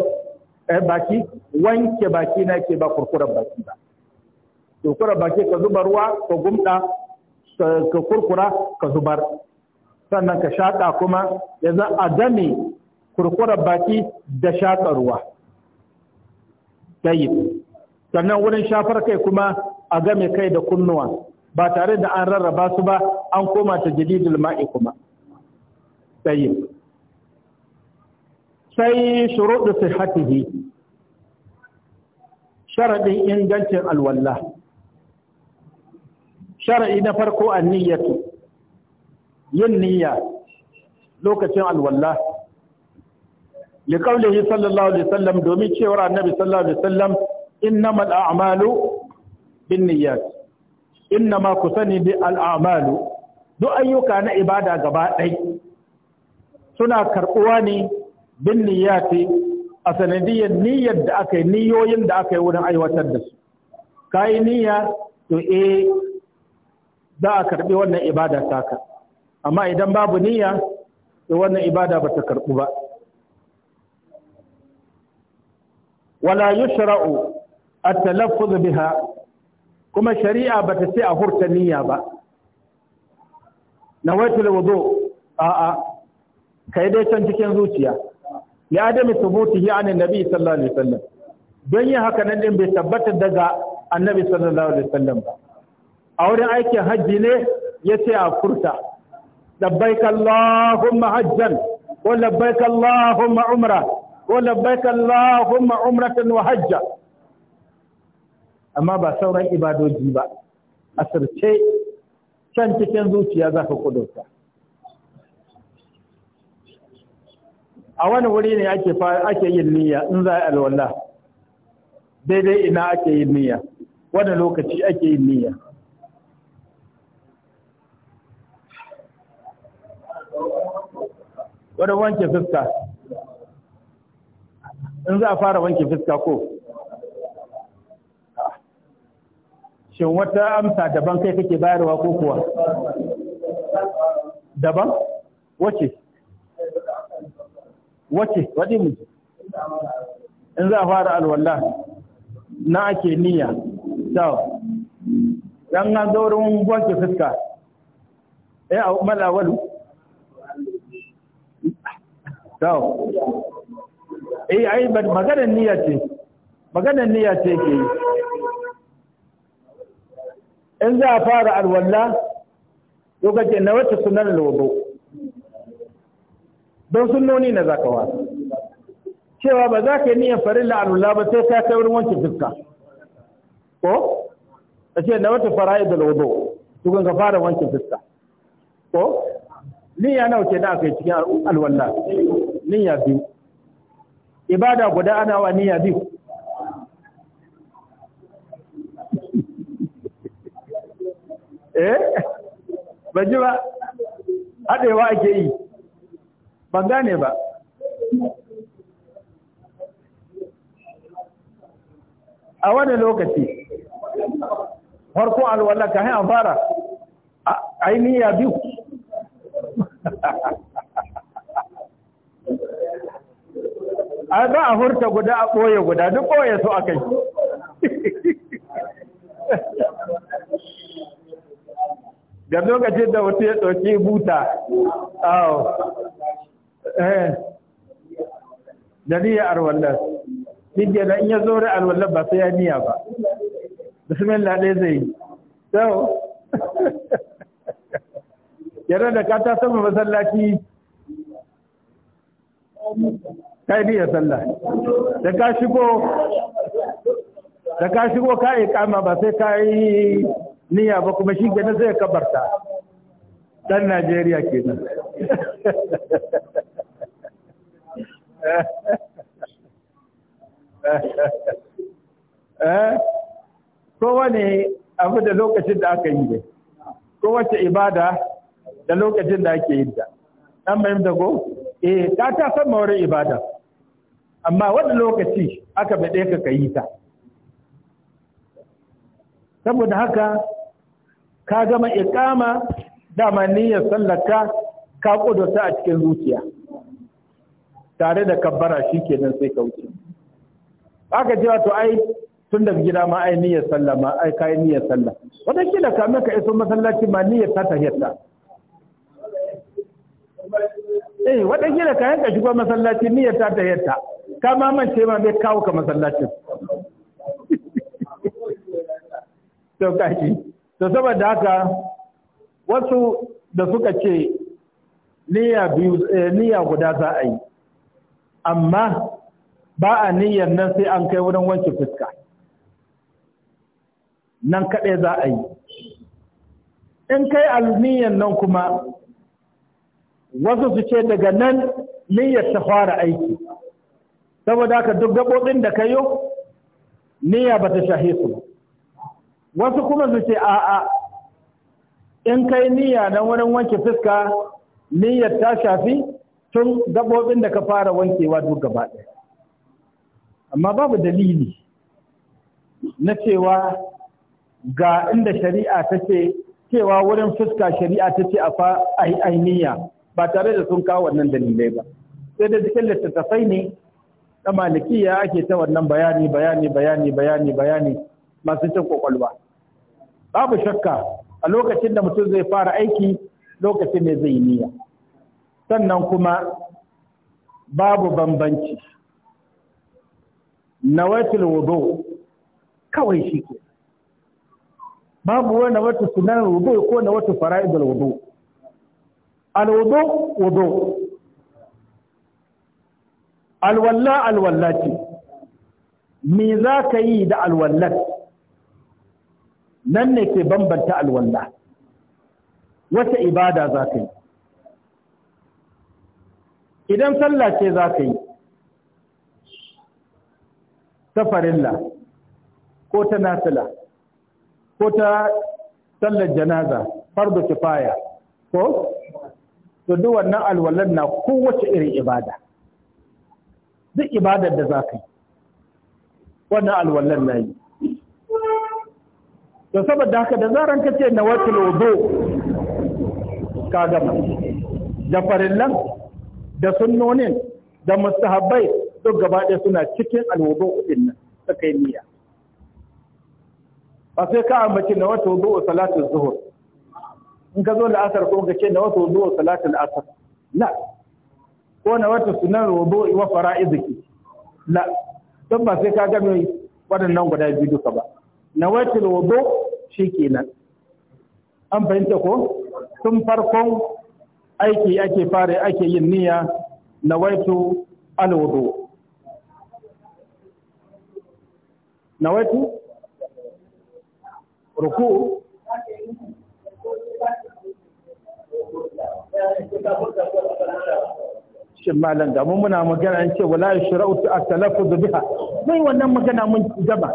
Eh, baki wanke baki na ke ba kurkurar baki ba Kurkurar baki ka zuba ruwa ka gumɗa ka kurkura ka zubar sannan ka shaƙa kuma ya za a dame kurkurar baki da shaƙa ruwa tayyib sannan wurin shafar kai kuma a game kai da kunnuwa ba tare da an rarraba su ba an koma ta jadidul ma'i kuma tayyib sai shuruɗu sihhatihi sharaɗin ingancin alwallah shar'i na farko a niyyatu yin niyya lokacin alwallah li qawlihi sallallahu alaihi wasallam domin cewar annabi sallallahu alaihi wasallam innamal a'malu binniyat innama kusani bi al'amalu duk ayyuka na ibada gaba ɗai suna karɓuwa ne bin niyyati a sanadiyyar niyyar da aka yi niyoyin da aka yi wurin aiwatar da su ka yi niyya to eh za a karɓi wannan ibada taka amma idan babu niyya to wannan ibada ba ta karɓu ba wala yushra'u at-talaffuz biha kuma shari'a ba ta ce a hurta niyya ba nawaitul wudu a'a kai dai can cikin zuciya ya adami thubutihi an annabi sallallahu alaihi wasallam don yin haka nan din bai tabbata daga annabi sallallahu alaihi wasallam ba a wurin aikin hajji ne yace a furta labbaik allahumma hajjan ko labbaik allahumma umra ko labbaik allahumma umratan wa hajja amma ba sauran ibadoji ba asirce can cikin zuciya za ka kudurta a wani wuri ne ake ake yin niyya in za a alwala daidai ina ake yin niyya wani lokaci ake yin niyya wani wanke fuska in za a fara wanke fuska ko shin wata amsa daban kai kake bayarwa ko kuwa daban wace wace wadi mu in za a fara alwala na ake niyya to dan na zaurin gwanke fuska eh a mala walu to eh ai magana niyya ce magana niyya ce ke yi in za a fara alwala lokacin na wata sunan lobo don noni na za ka zakawa cewa ba za ka yi niyan farin la'anun ba sai ka kai wurin wancan fuska ko ka ce na wata yi da lodo tukun ka fara wancan fuska ko niyya nawa ke da aka yi cikin alwallah niyya biyu ibada guda ana wa niyya biyu eh ba ji ba haɗewa ake yi ban gane ba a wani lokaci farko alwala ka hanyar fara a yi niya biyu a za a hurta guda a ɓoye guda duk ɓoye su a kai da lokacin da wata ya ɗauki buta awo eh da niyya arwallar dinge da in ya zo da arwallar ba sai ya niyya ba bismillah dai zai yi yana da ka ta sama masallaci kai niyya sallah da ka shigo da ka shigo ka yi kama ba sai ka yi niyya ba kuma shi gane zai kabarta dan Najeriya kenan kowane abu da lokacin da aka yi ne kowace ibada da lokacin da ake yi da an mai da go eh ta ta san maurin ibada amma wani lokaci aka bade ka kayi ta saboda haka ka gama iqama da maniyyar sallaka ka ta a cikin zuciya tare da kabbara shi kenan sai ka wuce aka ce to ai tun daga gida ma ai niyyar sallah ma ai kai niyyar sallah wata kila mai ka iso masallaci ma niyyar ta tahiyyata eh wata kila ka yanka shigo masallaci niyyar ta tahiyyata ka ma ce ma bai kawo ka masallacin to kashi to saboda haka wasu da suka ce niyya biyu eh, niyya guda za a yi amma ba a niyyar nan sai an kai wurin wanke fuska nan kaɗai za a yi in kai alniyyar nan kuma wasu su ce daga nan niyyar ta fara aiki saboda ka duk gaɓoɓin da ka yi niyya ba ta shahe su wasu kuma su ce a'a in kai niyya nan wurin wanke fuska niyyar ta shafi tun gabobin da ka fara wankewa duk gaba ɗaya amma babu dalili na cewa ga inda shari'a ta ce cewa wurin fuska shari'a ta ce a fa ainiya ba tare da sun kawo wannan dalilai ba sai da cikin littattafai ne na malikiya ake ta wannan bayani bayani bayani bayani bayani masu cin kwakwalwa babu shakka a lokacin da mutum zai fara aiki lokacin ne zai yi niyya sannan kuma babu bambanci Na nawaitul wudu kawai shi ke babu wani wata sunan wudu ko na wata fara'idul wudu alwudu wudu alwalla alwalla ce me za ka yi da alwallar nan ne ke bambanta alwalla wata ibada za ka yi idan sallah ce za ka yi ta farilla ko ta nasila ko ta sallar janaza fardu kifaya ko to duk wannan alwalan na kowace irin ibada duk ibadar da za ka yi wannan alwalan na yi to saboda haka da zaran ka ce na wata lodo ka gama da farillan da sunnonin da mustahabbai duk gaba ɗaya suna cikin alwudu din nan suka yi niyya ba sai ka ambaci na wata wudu salatul zuhur in ka zo da asar ko ka ce na wata wudu salatul asar la ko na wata sunan wudu wa fara'idiki la don ba sai ka ga mai waɗannan guda biyu duka ba na wata wudu kenan. an fahimta ko tun farkon aiki ake fara ake yin niyya na waitu alwudu na waitu ruku shin malam da mun muna magana an ce wala yashra'u at-talaffuz biha mai wannan magana mun gaba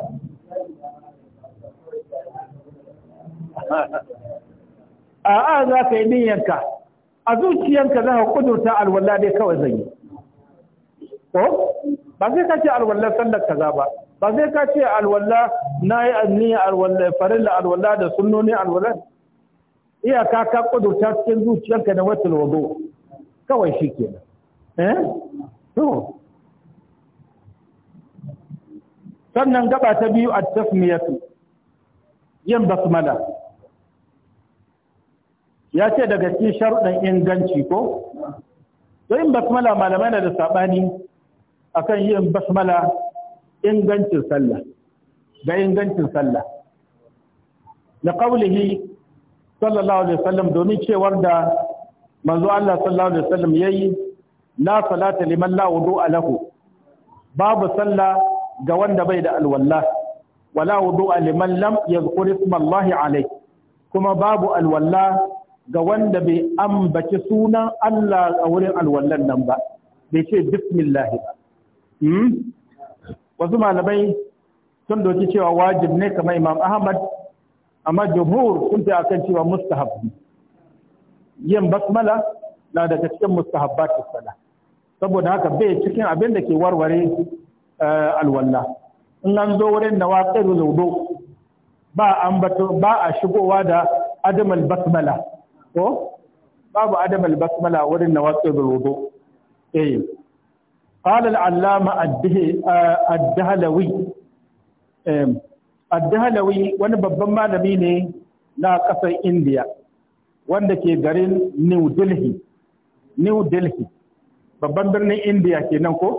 a'a za ka yi niyyanka a zuciyanka za ka kudurta alwala dai kawai zai yi ko ba sai ka ce alwala sallar kaza ba ba sai ka ce alwala na yi anniya alwala farilla alwala da sunnoni alwala iyaka ka kudurta cikin zuciyarka da wata lodo kawai shi ke eh to sannan gaba ta biyu a tasmiyatu yin basmala ya ce daga cikin sharuɗan inganci ko yin basmala malamai na da saɓani akan yin basmala ingancin sallah ga ingancin sallah da ƙaulihi sallallahu alaihi wasallam domin cewar da manzo Allah sallallahu alaihi wasallam yi la salata liman la wudu'a lahu babu sallah ga wanda bai da alwala wala wudu'a liman lam yadhkur isma Allah alaihi kuma babu alwala ga wanda bai ambaci sunan Allah a wurin alwallan nan ba bai ce bismillah ba hmm? wasu malamai sun doki cewa wajib ne kamar imam ahmad amma jumhur sun fi akan cewa mustahab yin basmala na daga cikin mustahabbat sala saboda haka bai cikin abin da ke warware eh, alwalla in an zo wurin nawaqidul wudu ba ba a shigowa da adamal basmala ko babu adam al-basmala wurin nawaqidul wudu eh qala al-allama ad-dahlawi eh, ad-dahlawi wani babban malami ne na kasar India wanda ke garin New Delhi New Delhi babban birnin India kenan ko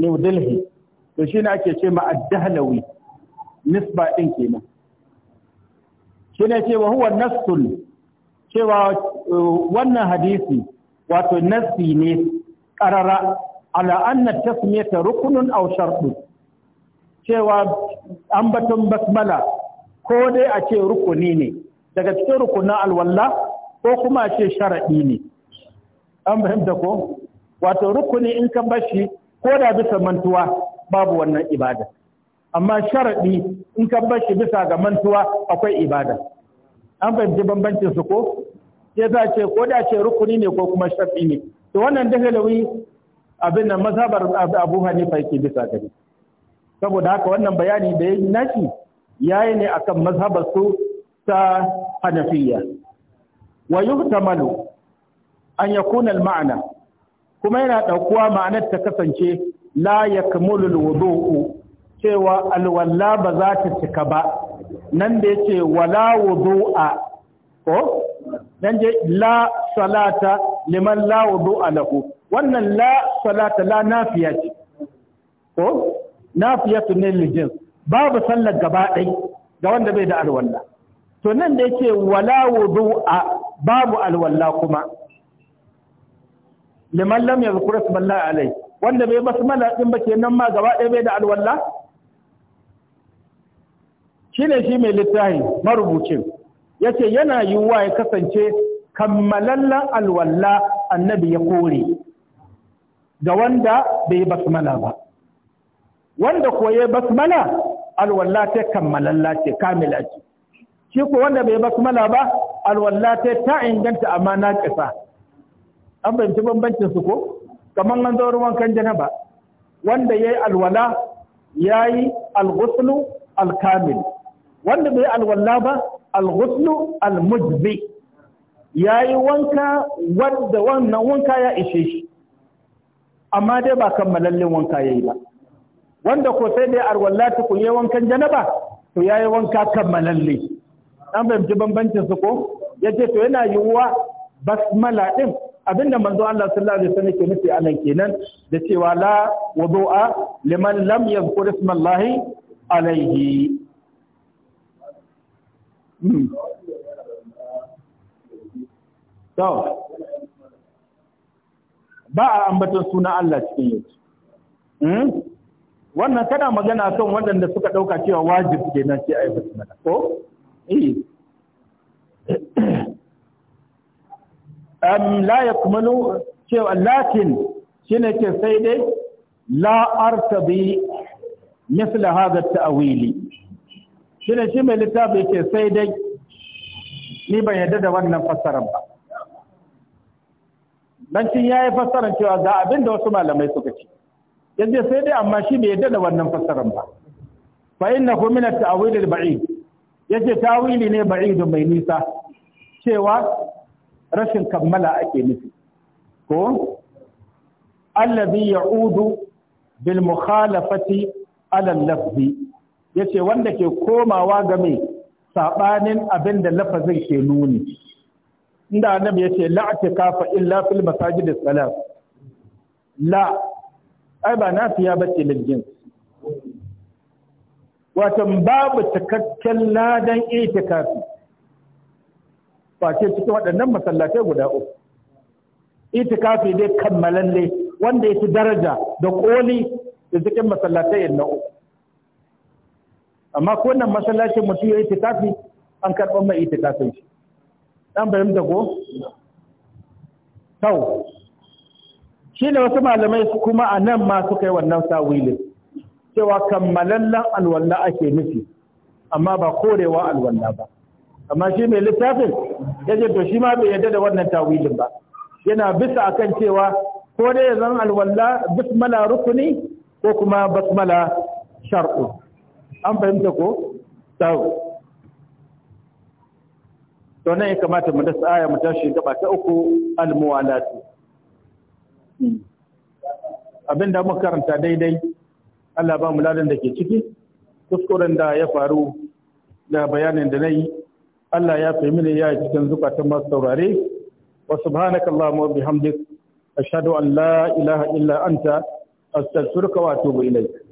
New Delhi to shine ake ce ma ad-dahlawi nisba din kenan shine ce wa huwa nasul cewa uh, wannan hadisi wato nassi ne ƙarara ala anna tasmiyata rukunun aw shartu cewa ambaton basmala ko dai a ce rukuni ne daga cikin rukunin alwalla ko kuma a ce sharaɗi ne an fahimta ko wato rukuni in ka bashi ko da bisa mantuwa babu wannan ibada amma sharaɗi in ka bashi bisa ga mantuwa akwai ibada an fahimci bambancin su ko ya za ce ko da ce rukuni ne ko kuma shafi ne to wannan da halawi abin nan mazhabar abu hanifa yake bisa gari saboda haka wannan bayani da ya nashi yayi ne akan mazhabar su ta hanafiya wa yuhtamalu an yakuna al-ma'na kuma yana ɗaukuwa ma'anar ta kasance la yakmulu al-wudu'u cewa alwalla ba za ta cika ba nan da ce wala wudu'a ko nan je la salata liman la wudu'a lahu wannan la salata la nafiya ce ko nafiyatu ne lijin babu sallar gaba ɗai ga wanda bai da alwala to nan da yake wala wudu'a babu alwala kuma liman lam yadhkur isma Allah alai wanda bai basmala din ba kenan ma gaba ɗaya bai da alwala ne shi mai littafin marubucin Ya ce yana yiwuwa ya kasance kammalallen alwalla annabi ya kore ga wanda bai yi basmala ba wanda ya yi basmala alwalla ta kammalalla ce kamila ce shi ko wanda bai yi basmala ba alwalla ta ta inganta amma na kisa an fahimci bambancin su ko kamar an zo ruwan kan ba wanda yi alwala yayi alghuslu alkamil wanda bai alwalla ba alghuslu almujbi yayi wanka wanda wannan wanka ya ishe shi amma dai ba kammalallin wanka yayi ba wanda ko sai dai alwalla tukun yayi wankan janaba to yayi wanka kammalalle an fahimci bambancin su ko yace to yana yiwuwa basmala din abinda manzo Allah sallallahu alaihi wasallam ke nufi anan kenan da cewa la wudu'a liman lam yadhkur ismallahi alaihi To, ba a ambatan suna Allah cikin yanzu. Hmm? Wannan kana magana kan waɗanda suka ɗauka cewa wajib ke nan ce a yi basmala, ko? Iyi. Eh. Am la ya kumalu cewa latin shi ne ke sai dai la'arta bi misla hada ta'awili. shine shi mai littafi yake sai dai ni ban yadda da wannan fassarar ba dan cin yayi fassarar cewa ga abin da wasu malamai suka ce yanzu sai dai amma shi bai yadda da wannan fassarar ba fa innahu min at-ta'wil al-ba'id yace tawili ne ba'id mai nisa cewa rashin kammala ake nufi ko alladhi ya'udu bil mukhalafati ala lafzi yace wanda ke komawa ga mai sabanin abin da lafazin ke nuni inda annabi yace la atikafa illa fil masajid salat la ai ba nafiya bace lijin jins wato babu cikakken ladan itikafi ce cikin waɗannan masallatai guda uku itikafi dai kammalalle wanda ya fi daraja da koli da cikin masallatai na uku amma ko wannan masallacin mutum ya yi itikafi an karɓar mai itikafin shi dan da ko tau shi ne wasu malamai kuma a nan ma suka yi wannan tawili cewa kammalallen alwallah ake nufi amma ba korewa alwallah ba amma shi mai littafin ya to shi ma bai yarda da wannan tawilin ba yana bisa akan cewa ko dai zan alwallah bismala rukuni ko kuma basmala shar'u an fahimta ko tsawo to nan ya kamata mu dasa aya mu tashi gaba ta uku Abin da muka karanta daidai Allah ba mu ladan da ke ciki kuskuren da ya faru da bayanin da nayi Allah ya fahimi ne ya cikin zukatan masu saurare wa subhanaka allahumma wa bihamdik ashhadu an la ilaha illa anta astaghfiruka wa atubu ilayk